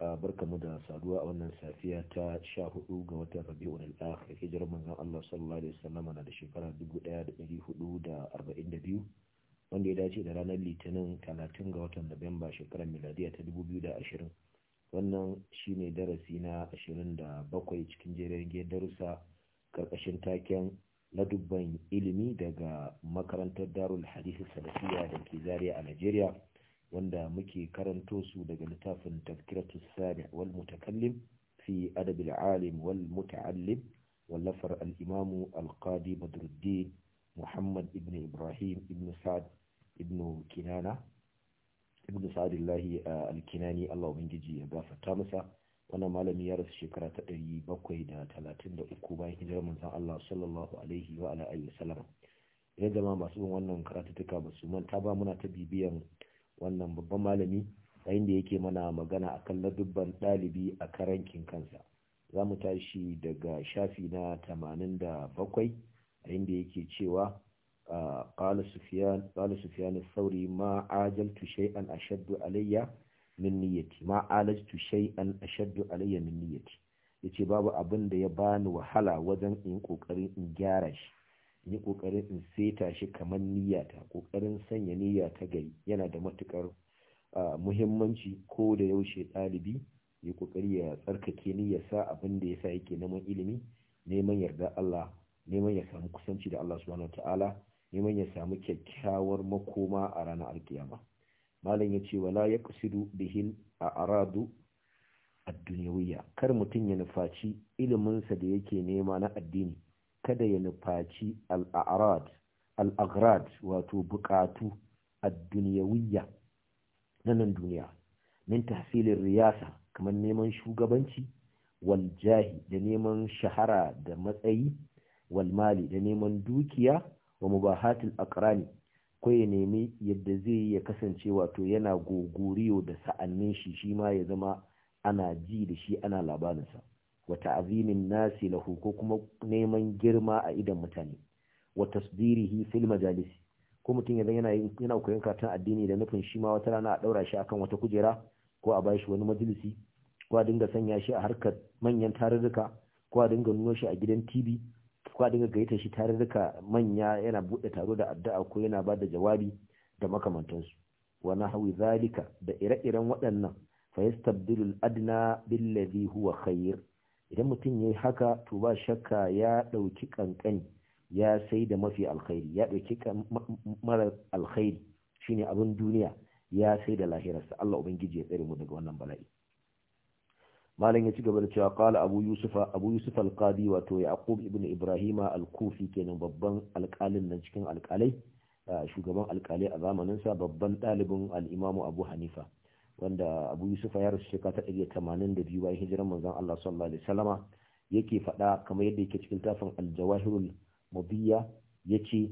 barkamu da saduwa a wannan safiya ta sha ga watan Rabiul akhir hijirar manzon Allah sallallahu alaihi wasallam na da shekara 1442 wanda ya dace da ranar litinin 30 ga watan Nuwamba shekarar miladiya ta 2020 wannan shine darasi na 27 cikin jerin darussa karkashin taken ladubban ilimi daga makarantar Darul Hadith Salafiyya da ke Zaria a Najeriya wanda muke karanto su daga littafin tafkiratu sani wal mutakallim fi adabil alim wal muta'allim wallafar al'imamu imamu badruddin muhammad ibn ibrahim ibn sa'ad ibn kinana ibn uh, kinani Allah ubangiji ya gafarta masa wannan malami ya rasu shekara ta 733 bayan hijirar manzon Allah sallallahu alaihi wa ala alihi wasallam masu bin wannan karatuttuka ba su manta ba muna ta bibiyan wannan babban malami yayin da yake mana magana a kan ladubban ɗalibi a karankin kansa za mu tashi daga shafi na tamanin bakwai yayin da yake cewa قال سفيان sauri ma الثوري ما عاجلت شيئا alayya min niyyati ma ما عالجت شيئا alayya min niyyati yace babu abin da ya bani wahala wajen in kokarin in gyara shi yi ƙoƙarin in seta shi kamar niyyata ƙoƙarin sanya niyya ta gari yana da matuƙar muhimmanci ko da yaushe ɗalibi yi ƙoƙari ya tsarkake sa abin da yasa yake neman ilimi neman yarda Allah neman ya samu kusanci da Allah subhanahu wataala neman ya samu kyakkyawar makoma a ranar alkiyama malam ya ce wala ya bihil bihin a aradu a dunyawiyya kar mutum ya nufaci iliminsa da yake nema na addini kada ya nufaci al'agrad wato bukatu a duniyawiyya na nan duniya min tahsilin riyasa kamar neman shugabanci wal jahi da neman shahara da matsayi wal mali da neman dukiya wa mubahatul akrani ko ya nemi yadda zai ya kasance wato yana gogoriyo da sa'annin shi shi ma ya zama ana ji da shi ana labarinsa Wata ta'zimin nasi lahu ko kuma neman girma a idan mutane wa tasdirihi fil majalis ko mutum yanzu yana yana koyon karatun addini da nufin shi ma wata rana a daura shi akan wata kujera ko a bashi wani majalisi ko a dinga sanya shi a harkar manyan tarurruka ko a dinga nuno shi a gidan TV ko a dinga gaita shi tarurruka manya yana bude taro da addu'a ko yana ba da jawabi da makamantansu wa nahwi zalika da ire-iren waɗannan fa yastabdilu al-adna billadhi huwa khair idan mutum ya yi haka to ba shakka ya ɗauki ƙanƙani ya sai da mafi alkhairi ya ɗauki mara alkhairi shine abin duniya ya sai da lahirarsa Allah ubangiji ya tsare mu daga wannan bala'i malam ya ci gaba da cewa qala abu yusuf abu yusuf al wato yaqub ibn ibrahima alkufi kenan babban alkalin nan cikin alƙalai ah, shugaban alkalai a zamanin sa babban ɗalibin al abu hanifa wanda abu yusufa ya rasu shekara ta ɗari tamanin da biyu bayan hijiran manzon allah sallallahu alaihi wasallama yake faɗa kamar yadda yake cikin tafin al-jawahirul mubiya yace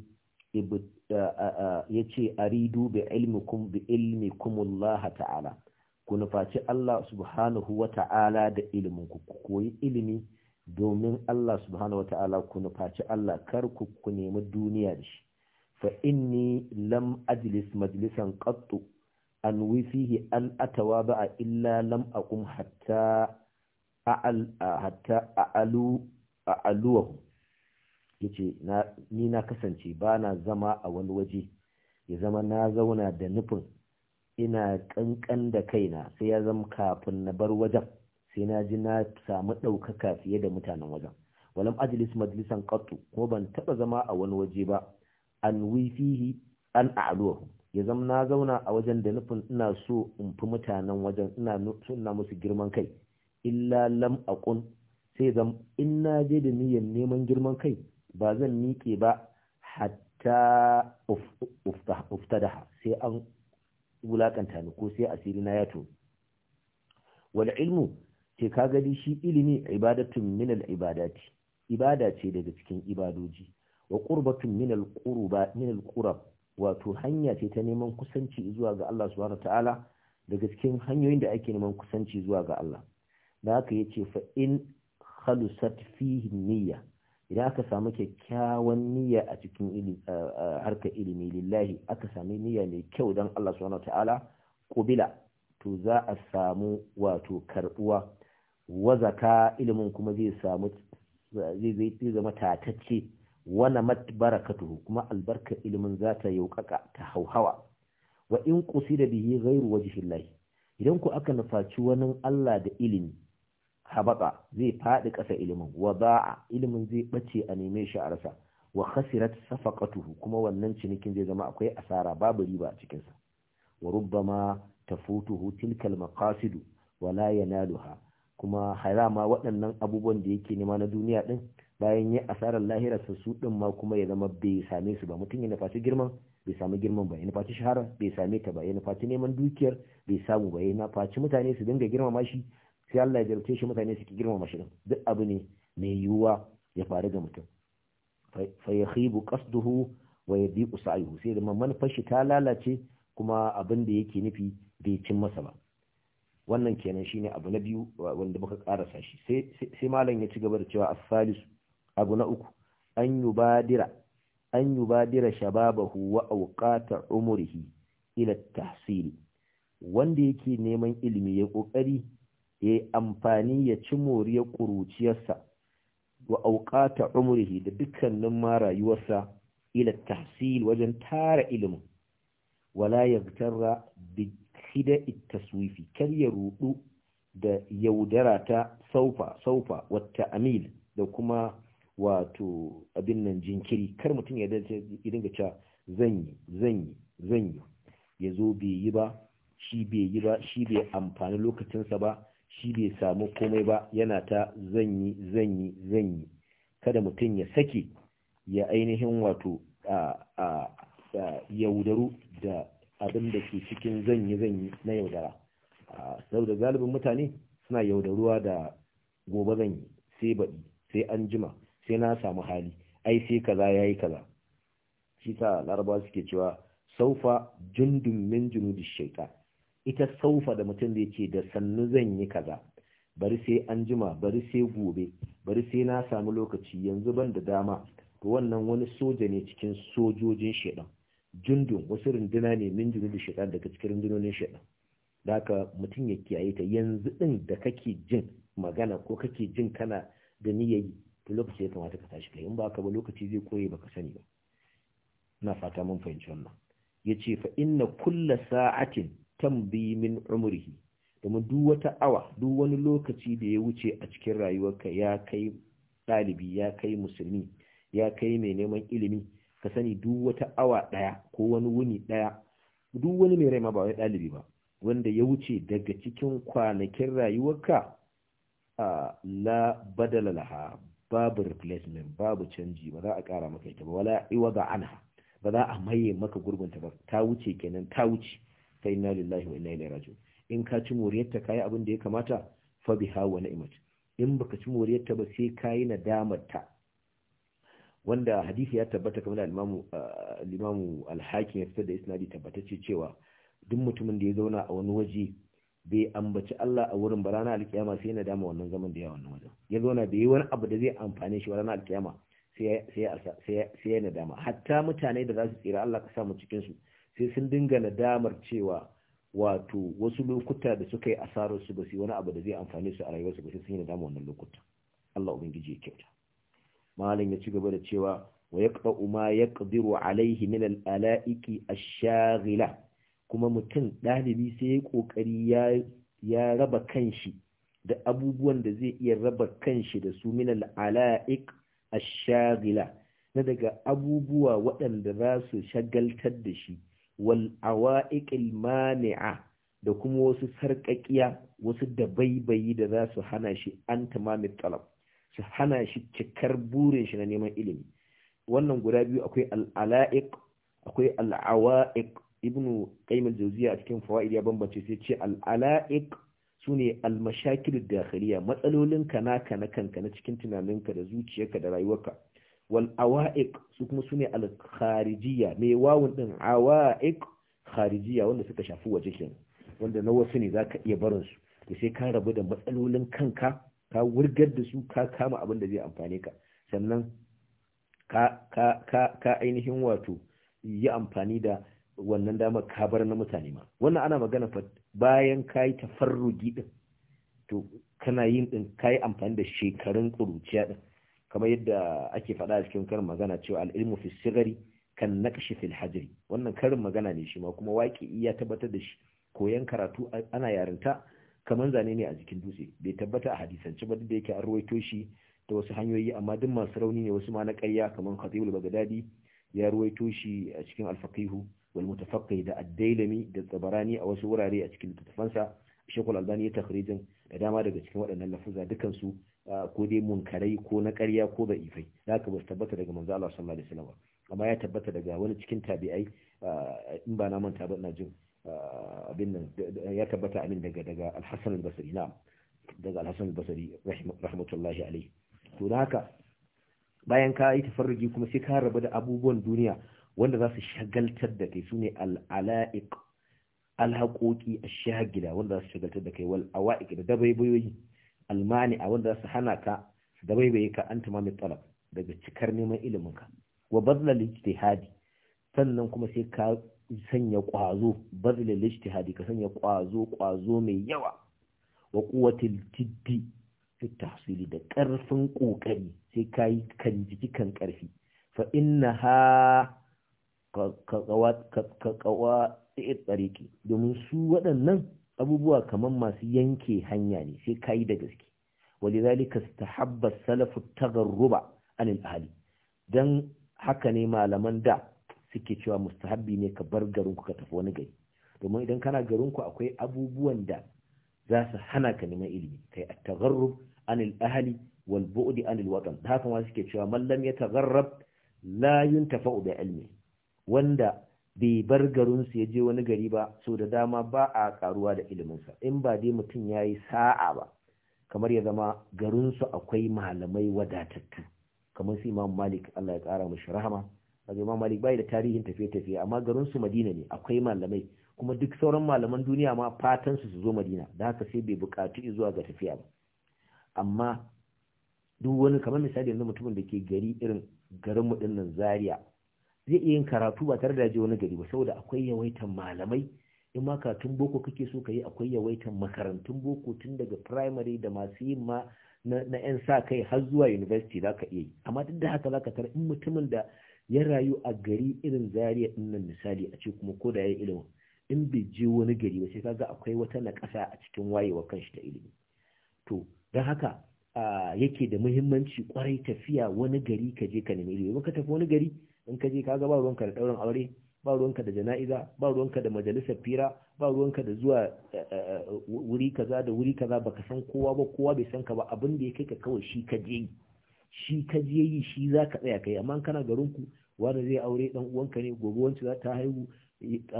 yace aridu bi ilmikum bi ilmikum allah ta'ala ku nufaci allah subhanahu wa ta'ala da ilimin ku koyi ilimi domin allah subhanahu wa ta'ala ku nufaci allah kar ku ku nemi duniya da shi fa inni lam ajlis majlisan qattu an wifihi an atawa ba illa lam aqum hatta a'al hatta a'alu a'aluwahu yace ni na kasance ba na zama a wani waje ya zama na zauna da nufin ina kankan da kaina sai ya zama kafin na bar wajen sai na ji na samu ɗaukaka fiye da mutanen wajen walam ajlis majlisan qattu ko ban taɓa zama a wani waje ba an wifihi an a'luhu ya zama na zauna a wajen da nufin ina so in fi mutanen wajen ina so musu girman kai illa lam aqun sai zam in na je da niyyar neman girman kai ba zan miƙe ba hatta uftadaha sai an wulakanta ni ko sai asiri na ya to wal ilmu ce ka gadi shi ilimi ibadatun min al ibadati ibada ce daga cikin ibadoji wa qurbatun min al qurba min al qurab wato hanya ce ta neman kusanci zuwa ga Allah subhanahu ta'ala daga cikin hanyoyin da ake neman kusanci zuwa ga Allah da aka yace fa in khalusat fihi niyya idan aka samu kyakkyawan niyya a cikin harkar ilimi lillahi aka samu niyya mai kyau dan Allah subhanahu ta'ala kubila to za a samu wato karbuwa wazaka ilimin kuma zai samu zai zama tatacce wana matbarakatuhu kuma albarka ilimin zata ta ta hauhawa wa in qusida bihi ghairu wajhillahi idan ku aka nufaci wani Allah da ilimi habaka zai faɗi ƙasa ilimin wa ba'a ilimin zai ɓace a neme shi a rasa wa khasirat safaqatuhu kuma wannan cinikin zai zama akwai asara babu riba a cikin sa wa rubbama tafutuhu tilkal maqasid wa la yanaluha kuma harama waɗannan abubuwan da yake nema na duniya din bayan ya asarar lahirarsa su din ma kuma ya zama bai same su ba mutum ya nufaci girman bai samu girman ba ya nufaci shahara bai same ta ba ya nufaci neman dukiyar bai samu ba ya nufaci mutane su dinga girmama shi sai Allah ya jarabce shi mutane su ki girmama shi duk abu ne mai yiwuwa ya faru ga mutum fa yakhibu qasduhu wa yadiqu sa'yuhu sai da manufar shi ta lalace kuma abin da yake nufi bai cin masa ba wannan kenan shine abu na biyu wanda muka karasa shi sai malam ya ci gaba da cewa as-salisu abu na uku an badira an badira shababahu wa awqata umrihi ila tahsil wanda yake neman ilimi ya kokari ya amfani ya ci moriyar kuruciyarsa wa auqata umrihi da dukkanin ma rayuwarsa ila tahsil wajen tara ilimin wala yagtarra bi at taswifi kar ya rudu da yaudara ta saufa saufa wa ta'amil da kuma wato abin nan jinkiri kar mutum ya dinga cewa zan yi zan yi zan yi ya zo bai yi ba shi bai yi ba shi bai amfani lokacinsa ba shi bai samu komai ba yana ta zan yi zan yi kada mutum ya sake ya ainihin wato yaudaru da abin da ke cikin zanyi zanyi na yaudara saboda galibin mutane suna yaudaruwa da gobe zanyi sai baɗi sai an jima sai na samu hali ai sai kaza yayi kaza shi sa laraba suke cewa saufa jundun min junudi shaita ita saufa da mutum da yake da sannu zan yi kaza bari sai an jima bari sai gobe bari sai na samu lokaci yanzu ban da dama to wannan wani soja ne cikin sojojin shaitan jundun wasu runduna ne min junudi shaitan daga cikin rundunonin shaitan da haka mutum ya kiyaye ta yanzu din da kake jin magana ko kake jin kana da niyayi to lokaci ya kamata ka tashi kai in ba ka ba lokaci zai koye ka sani ba ina fata mun fahimci wannan ce fa inna kulla sa'atin tambi min umrihi domin duk wata awa duk wani lokaci da ya wuce a cikin rayuwarka ya kai ɗalibi ya kai musulmi ya kai mai neman ilimi ka sani duk wata awa ɗaya ko wani wuni ɗaya duk wani mai rai ma ba wai ɗalibi ba wanda ya wuce daga cikin kwanakin rayuwarka ah, la badalalaha babu replacement babu canji ba za a kara maka ita ba wala iwa iwada anha ba za a maye maka gurbinta ba ta wuce kenan ta wuce fa inna lillahi wa inna ilaihi raji'un in ka ci muriyarta kayi abin da ya kamata fa biha wa ni'mat in baka ci moriyarta ba sai kayi nadamar ta wanda hadisi ya tabbata kamar al-imamu al-imamu al-hakim ya fitar da isnadi tabbatacce cewa duk mutumin da ya zauna a wani waje bai ambaci Allah a wurin ba ranar alkiyama sai na dama wannan zaman da ya wannan wajen ya zauna bai yi wani abu da zai amfane shi ranar alkiyama sai ya nadama hatta mutane da za su tsira Allah ka samu cikin su sai sun dinga nadamar cewa wato wasu lokuta da suka yi asarar su ba su wani abu da zai amfane su a rayuwar su ba sai sun yi nadama wannan lokuta Allah ubangiji ya kyauta malam ya ci gaba da cewa wa yaqta ma yaqdiru alaihi min al-alaiki ash-shaghila kuma mutum ɗalibi sai ya ƙoƙari ya raba kanshi da abubuwan da zai iya raba kanshi da su minal al'ala'ik ash-shaghila na daga abubuwa waɗanda za su shagaltar da shi wal awa'iq mania da kuma wasu sarƙaƙiya wasu dabaibayi da za su hana shi an tamamin talab su hana shi cikar burin shi na neman ilimi wannan guda biyu akwai al'ala'ik akwai al'awa'ik ibnu qayyim al-jawziya a cikin fawaid ya bambance sai ce al-ala'iq sune al-mashakil dakhiliya matsalolin ka naka na kanka na cikin tunaninka da zuciyarka da rayuwarka wal awa'iq su kuma sune al kharijiya mai wawun din awa'iq kharijiya wanda suka shafi waje kenan wanda na wasu ne zaka iya barin su to sai ka rabu da matsalolin kanka ka wurgar da su ka kama abin da zai amfane ka sannan ka ka ka ainihin wato yi amfani da wannan damar kabar na mutane ma wannan ana magana fa bayan ka yi tafarrugi din to kana yin din ka amfani da shekarun kuruciya din kamar yadda ake faɗa a cikin karin magana cewa al'ilmu fi sigari kan naqshi fil hajri wannan karin magana ne shi ma kuma waki ya tabbatar da shi koyan karatu ana yarinta kamar zane ne a jikin dutse bai tabbata a hadisance ba da yake an ruwaito shi ta wasu hanyoyi amma duk masu rauni ne wasu ma na ƙarya kamar Khatibul Baghdadi ya ruwaito shi a cikin al wal mutafaqqi da ad-dailami da tsabarani a wasu wurare a cikin littafansa shekul albani ya takhrijin da dama daga cikin waɗannan lafuza dukan su ko dai munkarai ko na ƙarya ko da ifai haka ba tabbata daga manzo Allah sallallahu alaihi wasallam amma ya tabbata daga wani cikin tabi'ai in ba na manta ba ina jin abin nan ya tabbata amin daga daga al-Hasan al-Basri na. daga al-Hasan al-Basri rahmatullahi alaihi to haka bayan ka yi tafarruji kuma sai ka rabu da abubuwan duniya wanda za su shagaltar da kai sune al'ala'iq alhaƙoƙi a shagila wanda za su shagaltar da kai wal da dabaibayoyi almani a wanda za su hana ka su dabaibaye ka an tamami talab daga cikar neman ilimin ka wa bazlal ijtihadi sannan kuma sai ka sanya ƙwazo bazlal ka sanya ƙwazo ƙwazo mai yawa wa quwwatil jiddi fi tahsili da ƙarfin ƙoƙari sai ka yi kan jiki kan ƙarfi fa inna ha kakawa eh, tsariki domin su waɗannan abubuwa kamar masu yanke hanya ne sai kayi da gaske wali zalika stahabba salafu tagarruba anil ahali dan haka ne malaman da suke cewa mustahabbi ne ka bar garin ku ka tafi wani gari domin idan kana garin ku akwai abubuwan da za su hana ka neman ilimi kai a tagharrub anil ahali wal anil watan haka ma suke cewa man ya yatagharrab la yuntafa'u bi ilmi wanda bai bar garinsu ya je wani gari ba so da dama ba a karuwa da iliminsa in ba dai mutum ya yi sa'a ba kamar ya zama garinsu akwai malamai wadatattu kamar su imam malik allah ya kara mashi rahama kaga imam malik bai da tarihin tafiye-tafiye amma garinsu madina ne akwai malamai kuma duk sauran malaman duniya ma fatan su su zo madina da haka sai bai bukatu zuwa ga tafiya ba amma duk wani kamar misali yanzu mutumin da ke gari irin garinmu dinnan zaria zai iya yin karatu ba tare da je wani gari ba saboda akwai yawaitan malamai in ma karatun boko kake so ka yi akwai yawaitan makarantun boko tun daga primary da masu yin ma na 'yan sa kai har zuwa university za ka iya yi amma duk da haka za ka tara in mutumin da ya rayu a gari irin zariya din nan misali a ce kuma ko da ya yi ilimin in bai je wani gari ba sai ga akwai wata na ƙasa a cikin wayewa kan shi da ilimi to don haka yake da muhimmanci kwarai tafiya wani gari ka je ka nemi ilimi ka tafi wani gari in ka je kaga ba ruwanka da ɗaurin aure ba ruwanka da jana'iza ba ruwanka da majalisar fira ba ruwanka da zuwa eh, eh, eh, wuri kaza da wuri kaza baka san kowa ba kowa bai san ka ba abin da ya kai ka kawai shi ka je yi shi ka je yi shi za ka tsaya kai amma kana garin ku wani zai aure dan uwanka ne gobe wancan za ta haihu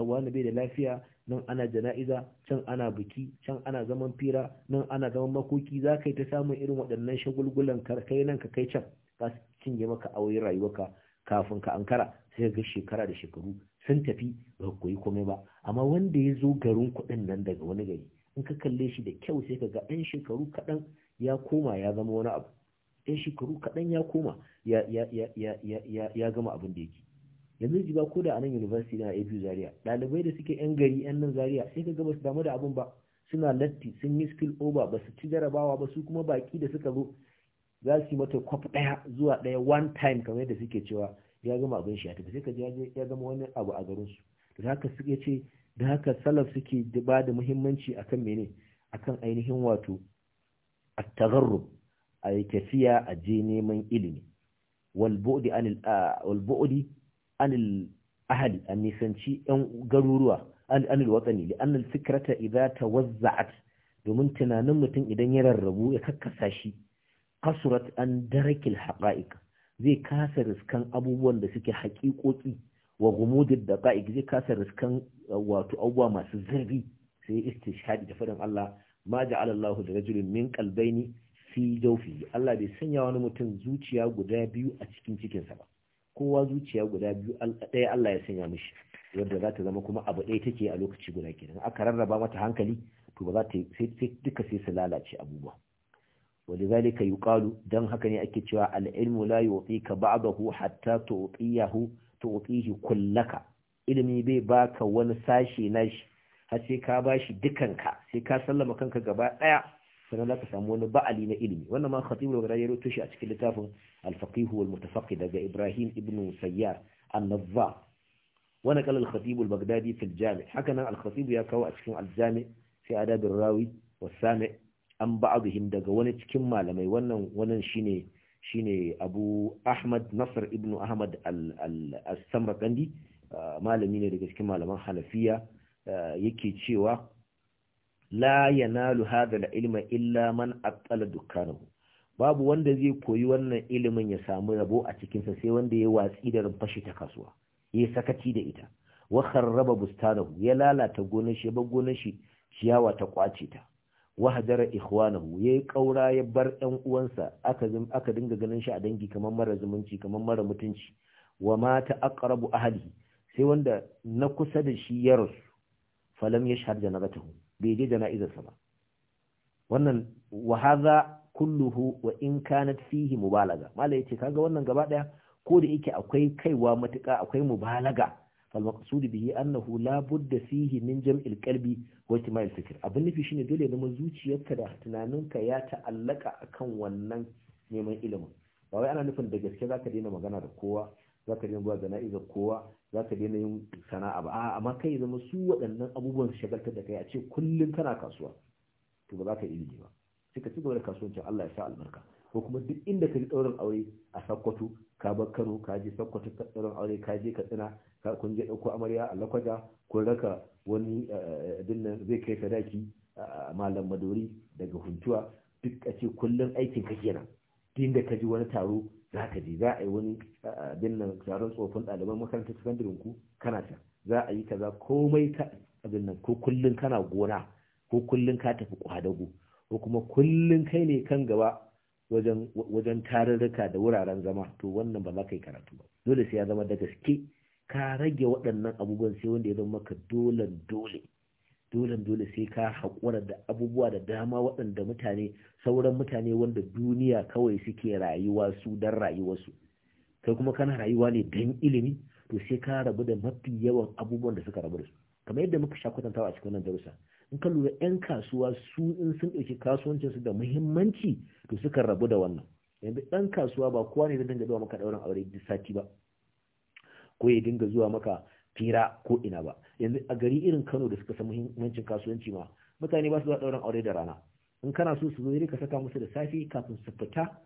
wani bai da lafiya nan ana jana'iza can ana biki can ana zaman fira nan ana zaman makoki za ka yi ta samun irin waɗannan shagulgulan kai nan ka kai can ka cinye maka aure rayuwarka kafin ka ankara sai ga shekara da shekaru sun tafi ba koyi komai ba amma wanda ya zo garin kuɗin nan daga wani gari in ka kalle shi da kyau sai ka ga ɗan shekaru kaɗan ya koma ya zama wani abu ɗan shekaru kaɗan ya koma ya gama abin da yake yanzu ji ba ko da a nan university na abu zaria ɗalibai da suke yan gari yan nan zaria sai ka ga ba su damu da abin ba suna latti sun yi skill over ba su ci jarabawa ba su kuma baki da suka zo za su yi mata kwaf ɗaya zuwa ɗaya one time kamar yadda suke cewa ya gama abin shi a tafi sai ka ji ya zama wani abu a garin su da haka suke ce da haka salaf suke ba da muhimmanci akan mene akan ainihin wato A tagarru, a yi tafiya a je neman ilimi wal anil ahali a nisanci yan garuruwa anil watsani li annal fikrata idza tawazza'at domin tunanin mutum idan ya rarrabu ya kakkasa shi kasurat an darakil haƙa'iƙ zai kasa riskan abubuwan da suke haƙiƙoƙi wa gumudin da ƙa'iƙ zai kasa riskan wato abubuwa masu zirbi sai istishadi da faɗin Allah ma ja Allahu da rajulin min qalbaini fi jawfi Allah bai sanya wani mutum zuciya guda biyu a cikin cikinsa ba kowa zuciya guda biyu ɗaya Allah ya sanya mishi yadda za ta zama kuma abu ɗaya take a lokaci guda kenan aka rarraba mata hankali to ba za ta sai duka sai su lalace abubuwa ولذلك يقال دم هكني أكتشوا العلم لا يعطيك بعضه حتى تعطيه تعطيه كلك ilimi bai baka wani sashi na shi har sai ka bashi dukanka sai ka sallama kanka gaba daya sannan zaka samu wani ba'ali na ilimi wannan ma khatib al ya rubuta shi a cikin littafin al-faqih daga Ibrahim ibn Sayyar an-Nazza wa naqala al-khatib al-Baghdadi ya kawo a cikin aljami jami fi rawi was an ba'aduhim daga wani cikin malamai wannan wannan shine shine Abu Ahmad Nasr ibn Ahmad al samarqandi ah, malami ne daga cikin malaman Hanafiya ah, yake cewa la yanalu hadha al-ilma illa man aqala dukanahu babu wanda zai koyi wannan ilimin ya samu rabo a cikinsa sai wanda ya watsi da rumfashi ta kasuwa ya sakaci da ita wa kharraba bustanahu ya lalata gonar shi ba gonar shi ciyawa ta kwace ta wahajara ikhwanahu ya yi ƙaura, ya bar ɗan uwansa aka aka dinga ganin shi a dangi kamar mara zumunci kamar mara mutunci wa mata aqrabu ahli sai wanda na kusa da shi ya rasu falam yashhad janazatahu bai je jana'izarsa ba wannan wa hadha kulluhu wa in kanat fihi mubalaga mala yace kaga wannan gaba daya ko da yake akwai kaiwa matuƙa akwai mubalaga falmaqsud bihi annahu la budda fihi min jam'il qalbi wa ijtima'il abin nufi shine dole ne mun zuciyarka da tunaninka ya ta'allaka akan wannan neman ilimin ba wai ana nufin da gaske zaka daina magana da kowa zaka daina zuwa jana'izar kowa zaka daina yin sana'a ba a'a amma kai zama su waɗannan abubuwan shagaltar da kai a ce kullum kana kasuwa to ba za ka ilimi ba sai ka ci gaba da kasuwancin Allah ya sa albarka ko kuma duk inda ka ji ɗaurin aure a Sokoto ka bar kano ka je sakkwato ka aure ka je katsina ka kun je ɗauko amarya a lakwaja kun raka wani eh, abin zai kai sadaki a malam madori daga huntuwa duk a ce kullum aikin ka kenan din da ka ji wani taro za ka je za a yi wani eh, abin nan taron tsofin ɗaliban makarantar sakandaren ku kana ta za a yi kaza komai ka abin nan ko kullum kana gona ko kullum ka tafi kwadago ko kuma kullum kai ne kan gaba wajen wajen tarurruka da wuraren zama to wannan ba za ka yi karatu ba dole sai ya zama da gaske ka rage waɗannan abubuwan sai wanda ya zama maka dolen dole dolen dole sai ka haƙura da abubuwa da dama waɗanda mutane sauran mutane wanda duniya kawai suke rayuwa su don rayuwarsu kai kuma kana rayuwa ne don ilimi to sai ka rabu da mafi yawan abubuwan da suka rabu da su kamar yadda muka sha kwatantawa a cikin wannan darussa in ka lura 'yan kasuwa su in sun ɗauki kasuwancinsu da muhimmanci to suka rabu da wannan yanzu ɗan kasuwa ba kowa ne zai dinga zuwa maka ɗaurin aure duk sati ba ko ya dinga zuwa maka fira ko ina ba yanzu a gari irin kano da suka san muhimmancin kasuwanci ma mutane ba su zuwa ɗaurin aure da rana in kana so su zo ka saka musu da safe kafin su fita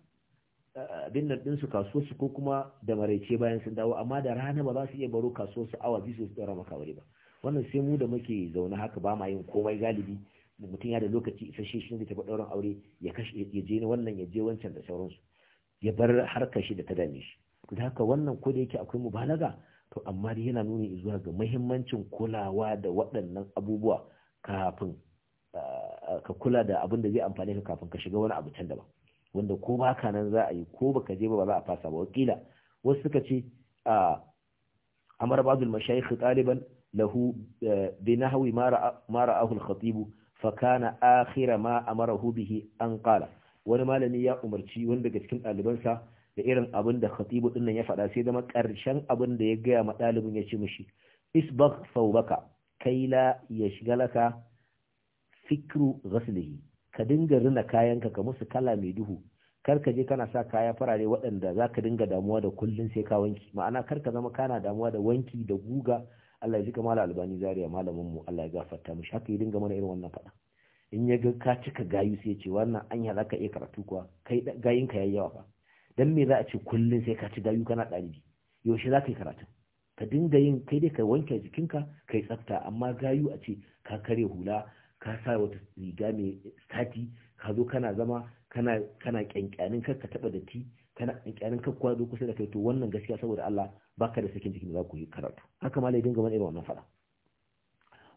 eh, abin nan ɗinsu su ko kuma da maraice bayan sun dawo amma da rana ba za su iya baro kasuwar su awa biyu su ɗora maka aure ba wannan sai mu da muke zaune haka ba ma yin komai galibi mutum ya da lokaci isasshe shi zai tafi ɗaurin aure ya kashe ya je wannan ya je wancan da sauransu ya bar harkar shi da ta dame shi to da haka wannan ko da yake akwai mubalaga to amma dai yana nuni zuwa ga muhimmancin kulawa da waɗannan abubuwa kafin ah, ka kula da abin da zai amfani ka kafin ka shiga wani abu can daban wanda ko ba nan za a yi ko baka je ba ba za a fasa ba wakila wasu suka ce a ah, amara bazul mashayikh taliban له بنهو ما ma ما al الخطيب فكان kana akhira ma به bihi an qala wani malami ya umarci wanda daga cikin ɗalibansa da irin abin da khatibu din nan ya faɗa sai zama ƙarshen abin da ya gaya ma ɗalibin ya ce mishi isbagh thawbaka kai la laka fikru ghaslihi ka dinga rina kayanka ka musu kala mai duhu kar ka je kana sa kaya farare waɗanda za ka dinga damuwa da kullun sai ka wanki ma'ana kar ka zama kana damuwa da wanki da guga Allah ya ji kamar albani zaria malamin mu Allah ya gafarta mishi haka ya dinga mana irin wannan faɗa in ya ga ka cika gayu sai ya ce wannan anya za ka iya karatu kuwa kai gayin ka yayyawa yawa fa dan me za a ce kullun sai ka ci gayu kana ɗalibi yaushe za ka yi karatu ka dinga yin kai dai ka wanke jikinka ka yi tsafta amma gayu a ce ka kare hula ka sa wata riga mai sati ka zo kana zama kana kana kyankyanin kar ka taba datti kana kyankyanin kar kuwa zo kusa da kai to wannan gaskiya saboda Allah baka da sakin ciki da za ku yi karatu haka ma lai dinga mana irin wannan fada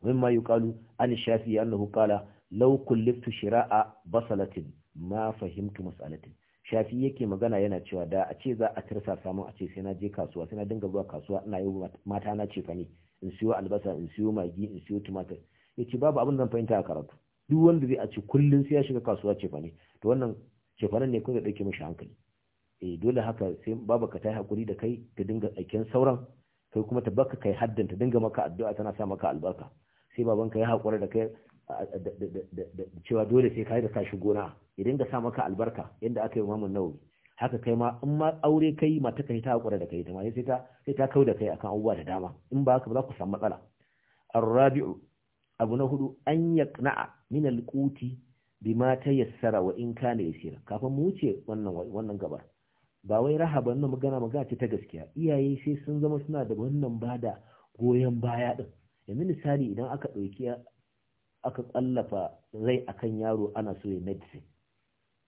mimma yuqalu an shafi annahu qala law kulliftu shira'a basalatin ma fahimtu mas'alatin shafi yake magana yana cewa da a ce za a tirsa samun a ce sai na je kasuwa sai na dinga zuwa kasuwa ina yi mata na ce fani in siyo albasa in siyo magi in siyo tumatir yace babu abin zan fahimta a karatu duk wanda zai a ce kullun sai ya shiga kasuwa ce fani to wannan ce fanan ne kun da dauke mishi hankali eh dole haka sai babu ka ta yi hakuri da kai ta dinga aikin sauran kai kuma ta baka kai haddin ta dinga maka addu'a tana sa maka albarka sai baban ka ya hakura da kai cewa dole sai kai da ka gona ya dinga sa maka albarka yadda aka yi mamun Nawawi haka kai ma in ma aure kai mata kai ta hakura da kai ta sai ta sai ta da kai akan abubuwa da dama in ba haka ba za ku samu matsala ar-rabi'u abu na hudu an yaqna'a min al-quti bima tayassara wa in kana yasira kafin mu wuce wannan wannan gabar ba wai rahaba wannan magana magana ce ta gaskiya iyaye sai sun zama suna da wannan bada goyon baya din yanzu misali idan aka ɗauki aka tsallafa rai akan yaro ana so ya medicine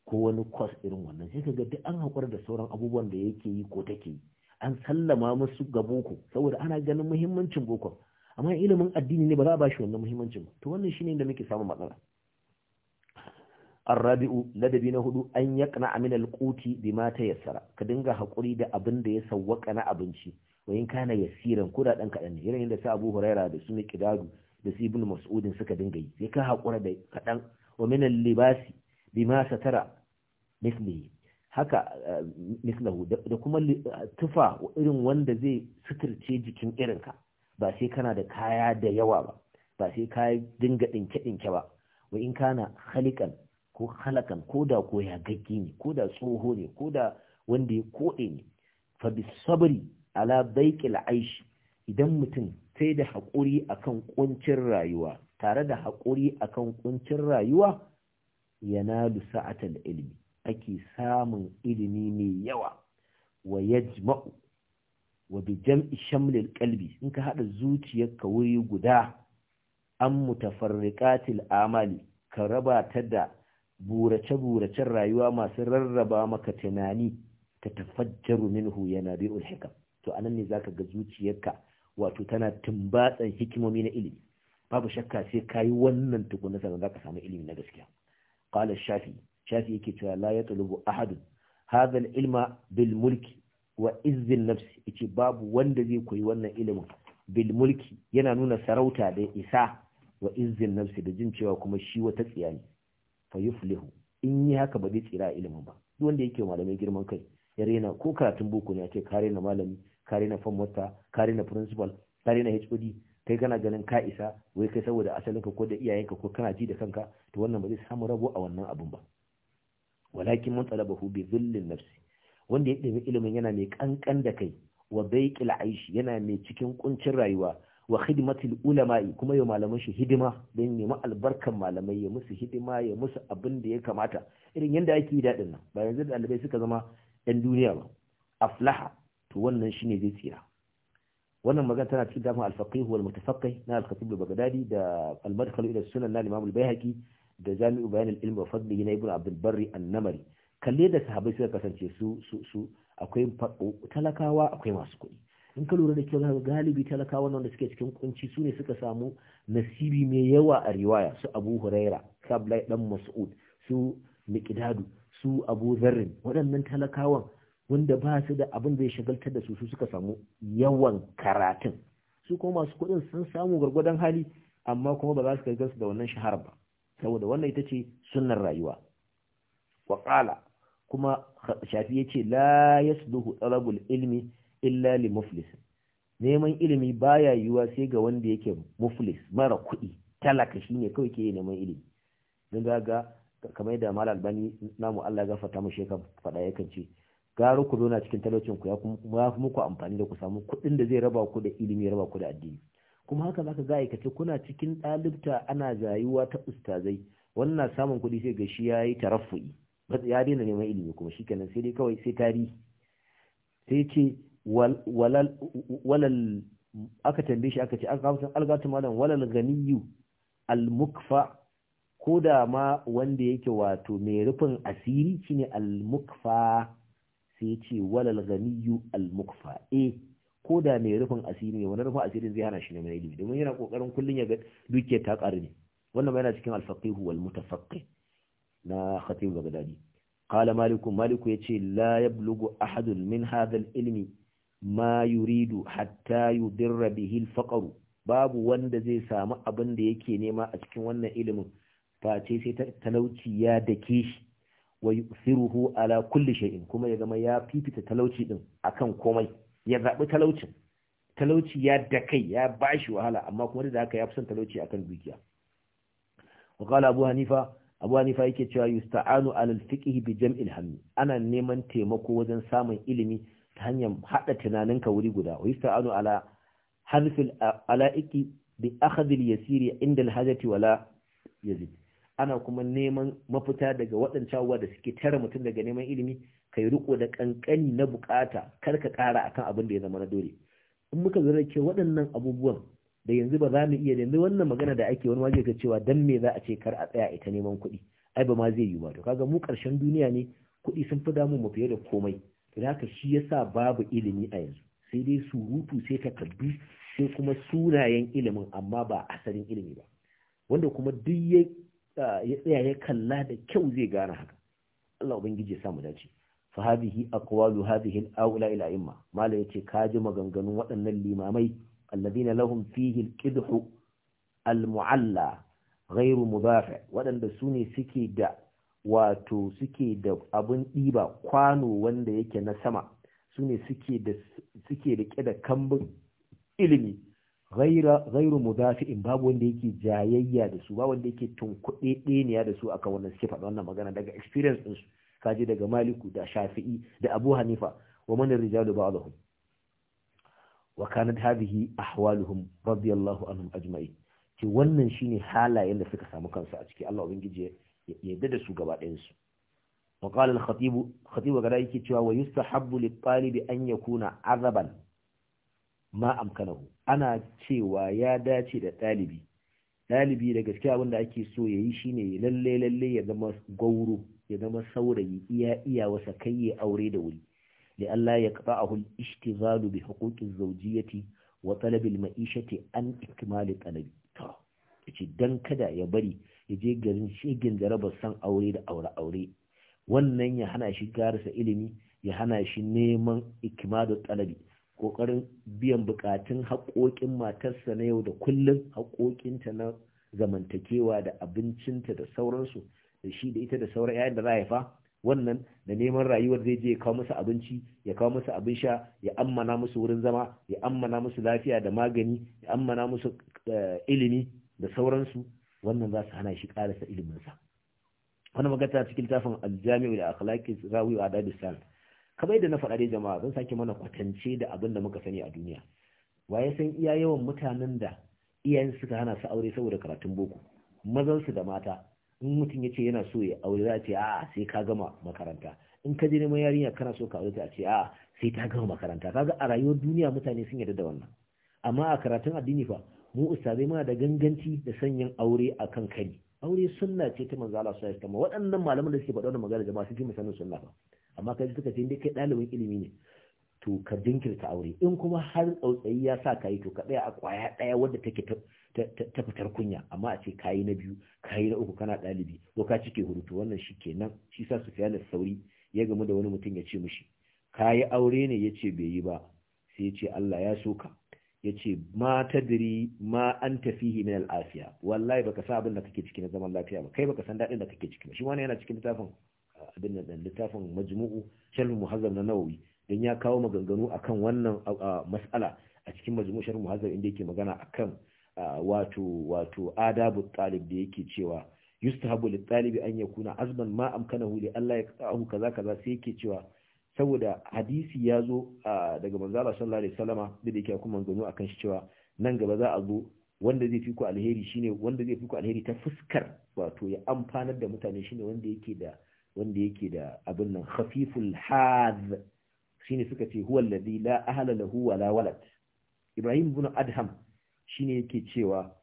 ko wani kwas irin wannan sai kaga duk an haƙura da sauran abubuwan da yake yi ko take yi an sallama musu ga boko saboda ana ganin muhimmancin boko amma ilimin addini ne ba za a ba shi wannan muhimmancin ba to wannan shine da muke samun matsala arrabi'u ladabi na hudu an yakna min alquti bima tayassara ka dinga hakuri da abin da ya sawwaka na abinci wa in kana yasiran kuda dan kadan ne irin da sa Abu Huraira da Sunni Qidadu da Ibn Mas'ud suka dinga yi sai ka hakura da kadan wa min libasi bima satara mislihi haka eh, mislahu da kuma eh, tufa irin wanda zai suturce jikin irinka ba sai kana da kaya da yawa ba ba sai ka dinga dinke dinke ba wa in kana khaliqan ko halakan ko da ko ya gaggi ne ko da tsoho ne ko da wanda ya koɗe ne fa bi sabri ala daiqil aish idan mutum sai da haƙuri akan kuncin rayuwa tare da haƙuri akan kuncin rayuwa yanalu sa'atal ilmi ake samun ilimi mai yawa wa yajma'u wa bi jam'i shamlil qalbi in ka hada zuciyarka wuri guda an mutafarriqatil amali ka raba ta da burace-buracen rayuwa masu rarraba maka tunani ta tafajjaru minhu yana bi'ul hikam to anan ne zaka ga zuciyarka wato tana tumbatsan hikimomi na ilimi babu shakka sai kayi wannan tukunna sannan zaka samu ilimi na gaskiya qala shafi shafi yake cewa la yatlubu ahad hadha ilma bil mulki wa izz an-nafs yace babu wanda zai koyi wannan ilimin bil mulki yana nuna sarauta da isa wa izz nafs da jin cewa kuma shi wata tsiya ne fa yuflihu in yi haka ba zai tsira ilimin ba duk wanda yake malamai girman kai ya rena ko karatun boko ne ake ce ka na malami kare na fam wata ka na principal kare na HOD kai kana ganin ka isa wai kai saboda asalin ka ko da iyayenka ko kana ji da kanka to wannan ba zai samu rabo a wannan abun ba walakin man talabahu bi dhillin nafsi wanda ya ɗebi ilimin yana mai kankan da kai wa baiqil aishi yana mai cikin kuncin rayuwa wa khidmatil ulama'i kuma ya malaman shi hidima don ya albarkan malamai ya musu hidima ya musu abin da ya kamata irin yadda ake yi daɗin nan bayan yanzu ɗalibai suka zama yan duniya ba aflaha to wannan shi ne zai tsira wannan magana tana cikin damar alfaqih wal na al-khatib al-baghdadi da al-madkhal ila sunan na al-imam al-baihaqi da jami'u bayan al-ilm wa fadlihi na ibn abdul barri an-namari kalle da sahabbai suka kasance su su akwai talakawa akwai masu kuɗi in ka lura da kyau zaka galibi talakawa wanda suke cikin kunci su ne suka samu nasibi mai yawa a riwaya su Abu Huraira Sablai dan Mas'ud su Miqdadu su Abu Zarrin waɗannan talakawan wanda ba su da abin zai shagaltar da su su suka samu yawan karatun su kuma masu kuɗin sun samu gwargwadon hali amma kuma ba za su kai su da wannan shahar ba saboda wannan ita ce sunan rayuwa wa kuma shafi ya ce la yasduhu talabul ilmi illa li muflis neman ilimi baya yiwa sai ga wanda yake muflis mara kuɗi talaka shine kawai ke neman ilimi don ga kamar yadda mal albani namu Allah ya gafarta mu shekar fada ya ce gara ku zauna cikin talaucin ku ya kuma muku amfani da ku samu kuɗin da zai raba ku da ilimi raba ku da addini kuma haka zaka ga aikace kuna cikin ɗalibta ana zayuwa ta ustazai wannan samun kuɗi sai ga shi yayi taraffu'i ya daina neman ilimi kuma shi shikenan sai dai kawai sai tarihi sai ce walal aka tambaye shi aka ce aka kawo algatu malam walal ganiyu almukfa ko da ma wanda yake wato mai rufin asiri shine almukfa sai ce walal ganiyu almukfa eh ko da mai rufin asiri ne wani rufin asirin zai hana shi neman ilimi domin yana kokarin kullun ya ga duke ta ƙaru ne wannan yana cikin alfaqih wal mutafaqqih na khatib bagdadi qala maliku maliku yace la yablughu ahadun min hadha ilimi. ma yuridu hatta yudirra bihi al babu wanda zai samu abin da yake nema a cikin wannan ilimin face sai talauci ya dake shi wa yusiruhu ala kulli shay'in kuma ya zama ya fifita talauci din akan komai ya zabi talaucin talauci ya dakai ya bashi wahala amma kuma da haka ya fi son talauci akan dukiya wa qala abu hanifa abu hanifa yake cewa yusta'anu ala al-fiqh bi jam'il hammi ana neman taimako wajen samun ilimi ta hanyar haɗa tunaninka wuri guda wa yasta'anu ala hadfil ala'iki bi al yasiri inda al-hajati wala yazid ana kuma neman mafita daga waɗancan da suke tara mutum daga neman ilimi kai riko da kankani na bukata kar ka ƙara akan abin da ya zama na dole in muka ke waɗannan abubuwan da yanzu ba za mu iya yanzu wannan magana da ake wani waje ga cewa dan me za a ce kar a tsaya ita neman kuɗi ai ba ma zai yi ba to kaga mu karshen duniya ne kuɗi sun fi damu mu fiye da komai haka shi yasa babu ilimi a yanzu sai dai surutu sai takaddu sai kuma sunayen ilimin amma ba asalin ilimi ba wanda kuma duk ya tsaya ya kalla da kyau zai gane haka Allah ubangiji ya samu dace fa hadhihi aqwalu hadhihi al aula ila imma malai yace kaji maganganun waɗannan limamai alladhina lahum fihi al-qidhu al-mu'alla ghayru mudafi waɗanda su ne suke da wato suke da abin ɗiba kwano wanda yake na sama su ne suke da da kambun ilimi gairu in babu wanda yake jayayya da su ba wanda yake tunkuɗe ɗeniya da su akan wannan sifa wannan magana daga experience su kaji daga maliku da shafi'i da abu hanifa wa man rijalu ba'dhum wa kanat hadhihi ahwaluhum radiyallahu anhum ajma'in ki wannan shine halayen da suka samu kansu a ciki Allah ubangiji yadda da su gaba ɗayansu maƙalar الخطيب gada yake cewa wa yustahabbu lit-talibi an yakuna azaban ma amkanahu ana cewa ya dace da ɗalibi ɗalibi da gaskiya abin da ake so yayi shine lalle lalle ya zama gauro ya zama saurayi iya iya wasa kai ya aure da wuri لئلا يقطعه الاشتغال بحقوق الزوجية وطلب المعيشة عن إكمال طلبه yace dan kada ya bari ya je garin shigin jarabar san aure da aure aure wannan ya hana shi garisa ilimi ya hana shi neman ikimadu talabi kokarin biyan bukatun haƙoƙin matarsa na yau da kullum haƙoƙinta na zamantakewa da abincinta da sauransu da shi da ita da sauran yayin da za a haifa wannan da neman rayuwar zai je ya kawo musu abinci ya kawo musu abin sha ya ammana musu wurin zama ya ammana musu lafiya da magani ya ammana musu eh, ilimi da sauransu wannan za su hana shi karasa iliminsa wani magata cikin tafin aljami'u da akhlaki rawi wa adabi san kamar yadda na faɗa dai jama'a zan sake mana kwatance da abin da muka sani a duniya waye san iya yawan mutanen da iyayen suka hana su aure saboda karatun boko mazan su da mata in mutum yace yana so ya aure za ce a'a sai ka gama makaranta in ka je neman yarinya kana so ka aure ta ce a, sai ta gama makaranta kaga a rayuwar duniya mutane sun yarda da wannan amma a karatun addini fa mu ustazai muna da ganganci da sanyin aure a kan kari aure sunna ce ta manzo Allah sai alaihi waɗannan malaman da suke faɗa wannan magana jama'a sun ji misalin sunna fa amma kai suka ce indai kai ɗalibin ilimi ne to ka dinkirta aure in kuma har tsautsayi ya sa kayi to ka tsaya a kwaya ɗaya wadda take ta fitar kunya amma a ce kayi na biyu kayi na uku kana ɗalibi ko ka cike hurutu wannan shi kenan shi sa su da sauri ya gamu da wani mutum ya ce mishi kayi aure ne ya ce bai yi ba sai ya ce Allah ya so ka ya ce ma diri ma an tafihi min al'afiya wallahi baka sa abin da kake ciki na zaman lafiya ba kai baka san daɗin da kake ciki ba shi wani yana cikin littafin abin da littafin majmu'u sharh muhazzab na nawawi dan ya kawo maganganu akan wannan mas'ala a cikin majmu'u sharh muhazzab inda yake magana akan wato wato adabu talib da yake cewa yustahabu lit talibi an yakuna azman ma amkanahu li Allah ya kaza kaza sai yake cewa saboda hadisi ya zo daga manzala sallallahu alaihi wasallama da yake kuma manzano akan shi cewa nan gaba za a zo wanda zai fi ku alheri shine wanda zai fi ku alheri ta fuskar wato ya amfanar da mutane shine wanda yake da wanda yake da abin nan khafiful hadh shine suka ce huwa alladhi la ahla lahu wa la walad ibrahim ibn adham shine yake cewa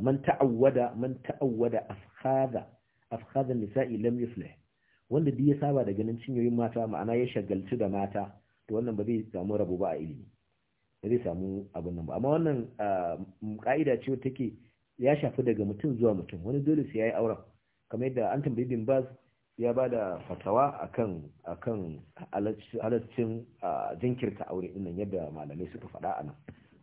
man ta'awwada man ta'awwada afkhadha afkhadha nisa'i lam yuflih wanda duk ya saba da ganin cinyoyin mata ma'ana ya shagaltu da mata to wannan ba zai samu rabo ba a ilimi ba zai samu abin nan ba amma wannan ka'ida ce take ya shafi daga mutum zuwa mutum wani dole sai yayi auren kamar yadda an tambayi bin ya ba da fatawa akan akan halaccin jinkirta aure din nan yadda malamai suka faɗa a nan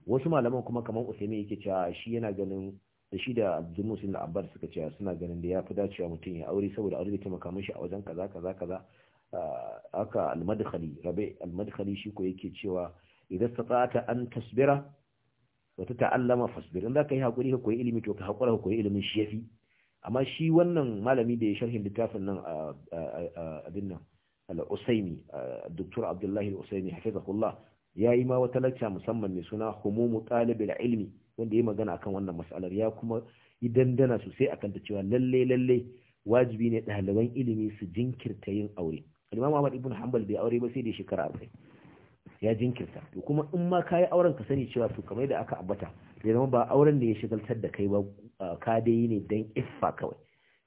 wasu malaman kuma kamar usaimi yake cewa shi yana ganin da shi da abdul da abbas suka ce suna ganin da ya fi dacewa mutum ya aure saboda aure da taimaka mishi a wajen kaza kaza kaza haka almadkhali rabe almadkhali shi ko yake cewa idan sata'ata an tasbira wa ta'allama fasbir in zaka yi hakuri ka koyi ilimi to ka hakura ka koyi ilimin shi yafi amma shi wannan malami da ya sharhin littafin nan abin nan al-Usaimi Dr. Abdullahi al-Usaimi hafizahullah yi ma wata lacca musamman mai suna humumu talibul ilmi wanda ya magana akan wannan mas'alar ya kuma yi dandana sosai akan ta cewa lalle lalle wajibi ne ɗaliban ilimi su jinkirta yin aure Alimamu Ahmad ibn Hanbal bai aure ba sai da shekara arba'in ya jinkirta to kuma in ma ka yi auren ka sani cewa to kamar da aka ambata da zama ba auren da ya shigaltar da kai ba ka dai ne dan iffa kawai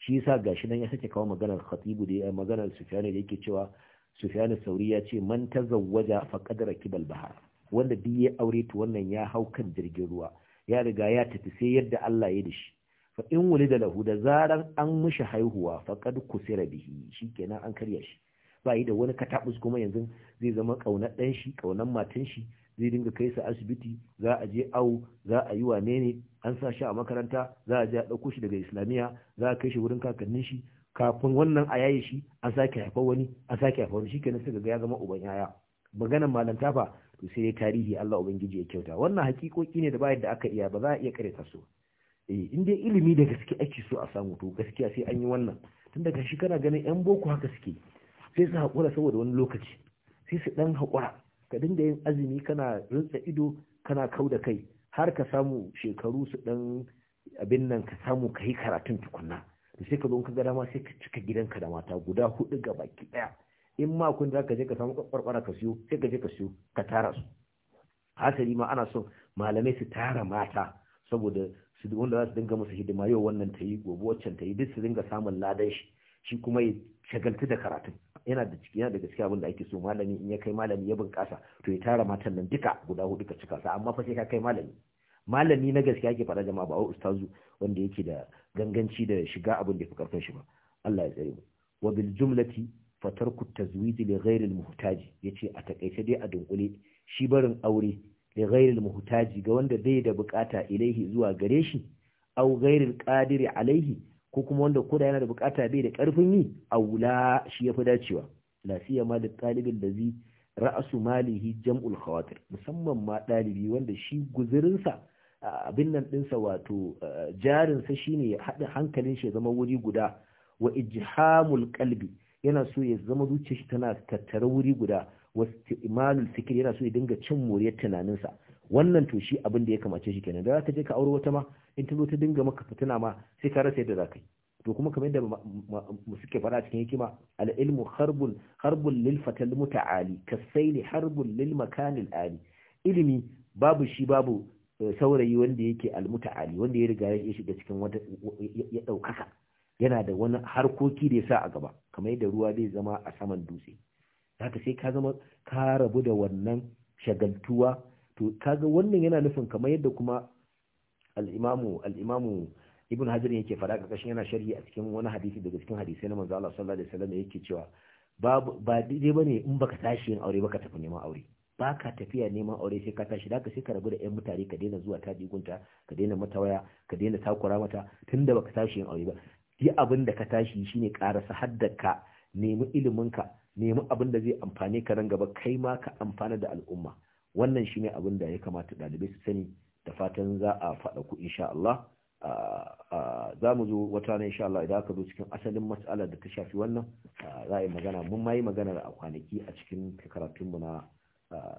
shi yasa gashi nan ya sake kawo maganar khatibu da maganar sufyani da yake cewa sufyani sauri ya ce man tazawwaja faqad kibal bahar wanda duk ya aure ta wannan ya hau kan jirgin ruwa ya riga ya tafi sai yadda Allah ya dashi fa in wulida lahu da zaran an mishi haihuwa faqad kusira bihi kenan an karya shi ba yi da wani katabus kuma yanzu zai zama kaunar dan shi kaunar matan shi zai dinga kai sa asibiti za a je awo za a yi wane ne an sa shi a makaranta za a je a ɗauko shi daga islamiyya za a kai shi wurin kakannin shi kafin wannan a yaye shi an sake haifar wani an sake haifar wani shikenan sai ga ya zama uban yaya maganar malanta fa to sai dai tarihi Allah ubangiji ya kyauta wannan hakikoki ne da bayan da aka iya ba za a iya kareta su eh in dai ilimi da gaske ake so a samu to gaskiya sai an yi wannan tun daga shi kana ganin yan boko haka suke sai su hakura saboda wani lokaci sai su dan haƙura ka dinga yin azumi kana rintsa ido kana kau da kai har ka samu shekaru su dan abin nan ka samu ka yi karatun tukunna sai ka zo ka ga dama sai ka cika gidanka da mata guda hudu ga baki daya in ma kun da ka je ka samu kwarkwara ka siyo sai ka je ka siyo ka tara su hasali ma ana son malamai su tara mata saboda su wanda za su dinga musu hidima yau wannan ta yi gobe waccan ta yi duk su dinga samun ladan shi shi kuma ya shagaltu da karatun yana da ciki yana da gaskiya abin da ake so malami in ya kai malami ya bunkasa to ya tara matan nan duka guda hudu ka cika sa amma fa sai ka kai malami malami na gaskiya ake faɗa jama'a ba wai ustazu wanda yake da ganganci da shiga abin da ya fi karfin shi ba Allah ya tsare mu wa bil jumlati fatarku tazwiji li ghairil muhtaji yace a takaice dai a dunkule shi barin aure li ghairil muhtaji ga wanda bai da bukata ilaihi zuwa gare shi aw ghairil qadiri alaihi ko kuma wanda koda yana da bukata bai da karfin yi aula shi yafi dacewa la siyama da talibin da zai ra'asu malihi jam'ul khawatir musamman ma dalibi wanda shi guzurinsa abin nan dinsa wato jarinsa shine ya haɗa hankalin shi zama wuri guda wa ijhamul qalbi yana so ya zama zuciyar shi tana tattara wuri guda wasu imanin sikir yana so ya dinga cin moriyar tunaninsa wannan to shi abin da ya kamace shi kenan da za ka je ka aure wata ma in ta zo ta dinga maka fitina ma sai ka rasa yadda za ka yi to kuma kamar yadda mu suke fara cikin hikima al ilmu harbun harbun lil fatal muta'ali kasaili harbun lil makanil ali ilimi babu shi babu eh, saurayi wanda yake al muta'ali wanda ya riga ya shiga cikin wata ya daukaka yana da wani harkoki da ya sa a gaba kamar da ruwa zai zama a saman dutse haka sai ka zama ka rabu da wannan shagaltuwa to kaga wannan yana nufin kamar yadda kuma Al'imamu al'imamu ibn hajar yake faɗa ƙarƙashin yana sharhi a cikin wani hadisi daga cikin hadisai na manzo Allah sallallahu alaihi wasallam yake cewa babu ba daidai bane in baka tashi yin aure baka tafi neman aure baka tafiya neman aure sai ka tashi da sai ka rabu da ƴan mutane ka daina zuwa ta digunta ka daina mata waya ka daina takura mata tunda baka tashi yin aure ba yi abin da ka tashi shi ne karasa haddaka nemi iliminka nemi abin da zai amfane ka nan gaba kai ma ka amfana da al'umma wannan shi ne abin da ya kamata ɗalibai su sani da fatan za a faɗa ku insha Allah za mu zo wata ne insha Allah idan aka zo cikin asalin masala da ta shafi wannan za a yi magana mun ma yi magana a kwanaki a cikin karatunmu na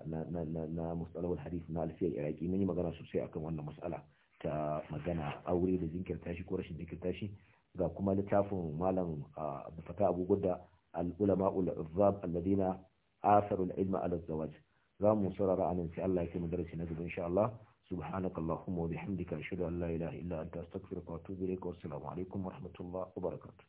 na na Harif na mustalahul alfiyar iraki mun yi magana sosai akan wannan matsala ta magana aure da jinkirta shi ko rashin jinkirta shi ga kuma littafin malam abu fata abu gudda al'ulama ul'azab alladina asarul ilma ala zawaj za mu saurara anan sai Allah ya kai mu darasi na gaba insha Allah subhanakallahumma wa bihamdika ashhadu an la ilaha illa anta astaghfiruka wa atubu ilaik wa assalamu alaikum wa rahmatullahi wa barakatuh